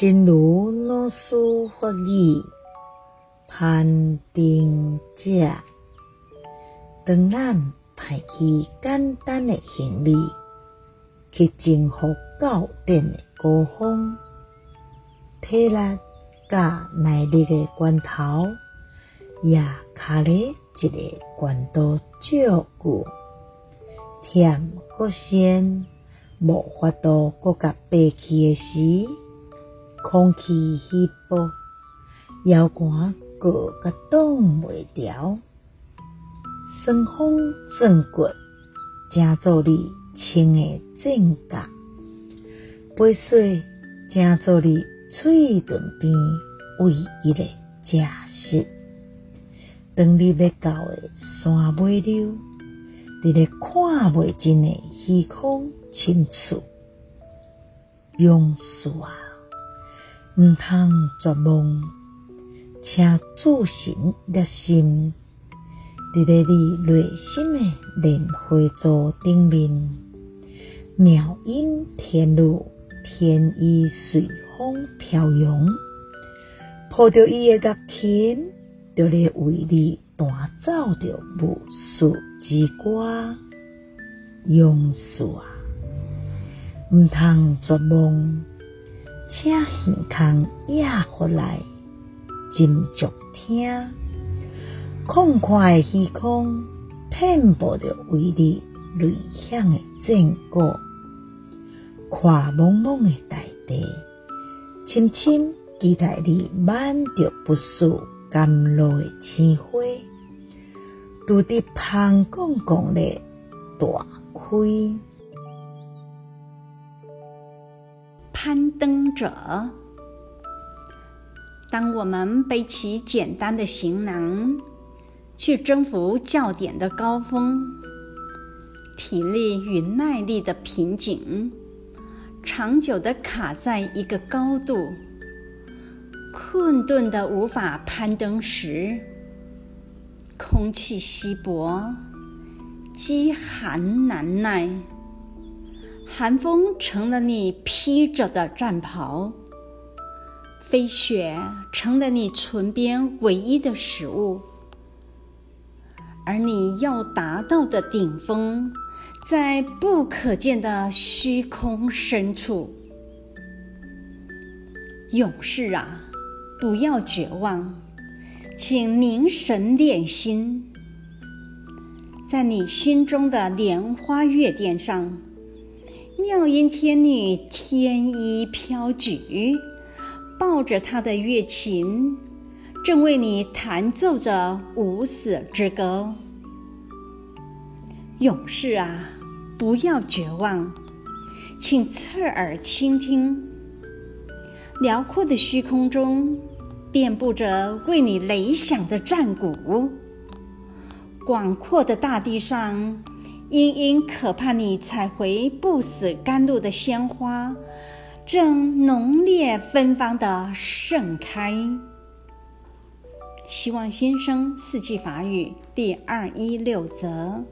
真如老師法語攀登者，當咱排起簡單的行李，去征服教典的高峰，體力甲耐力的關頭，也靠你一個管道照顧，甜個鮮無法度擱甲悲氣的時。空氣稀薄，腰桿高甲擋袂牢，山風正過，成做你穿的戰甲，飛雪成做你嘴唇邊唯一的假釋。當你要到個山尾溜，佇的看不見真的虛空深處，勇士啊！唔通絕望，請凝神歛心，在，在你內心的蓮花座頂面，妙音天女，天衣隨風飄揚，抱着伊的樂琴，就來為你彈奏着無死之歌，勇士、啊，毋通絕望。請心胸也回來，靜坐聽，空曠的虛空，遍佈着為你擂響的戰鼓，廣闊的大地，殷殷渴盼你採回不死甘露的鮮花，正濃烈芬芳地盛開。攀登者，當我們背起簡單的行囊，去征服教典的高峰，體力與耐力的瓶頸，長久地卡在一個高度，困頓地無法攀登時，空氣稀薄，飢寒難耐。寒風成了你披着的戰袍，飛雪成了你唇邊唯一的食物，而你要達到的頂峰，在不可見的虛空深處。勇士啊，不要絕望，請凝神歛心，在你心中的蓮花月殿墊上。妙音天女天衣飄舉，抱着她的樂琴，正為你彈奏着無死之歌。勇士啊，不要絕望，請側耳傾聽。遼闊的虛空中，遍佈着為你擂響的戰鼓；廣闊的大地上，殷殷，殷殷可盼你採回不死甘露的鮮花，正濃烈芬芳地盛開。希望新生四季法語第二一六則。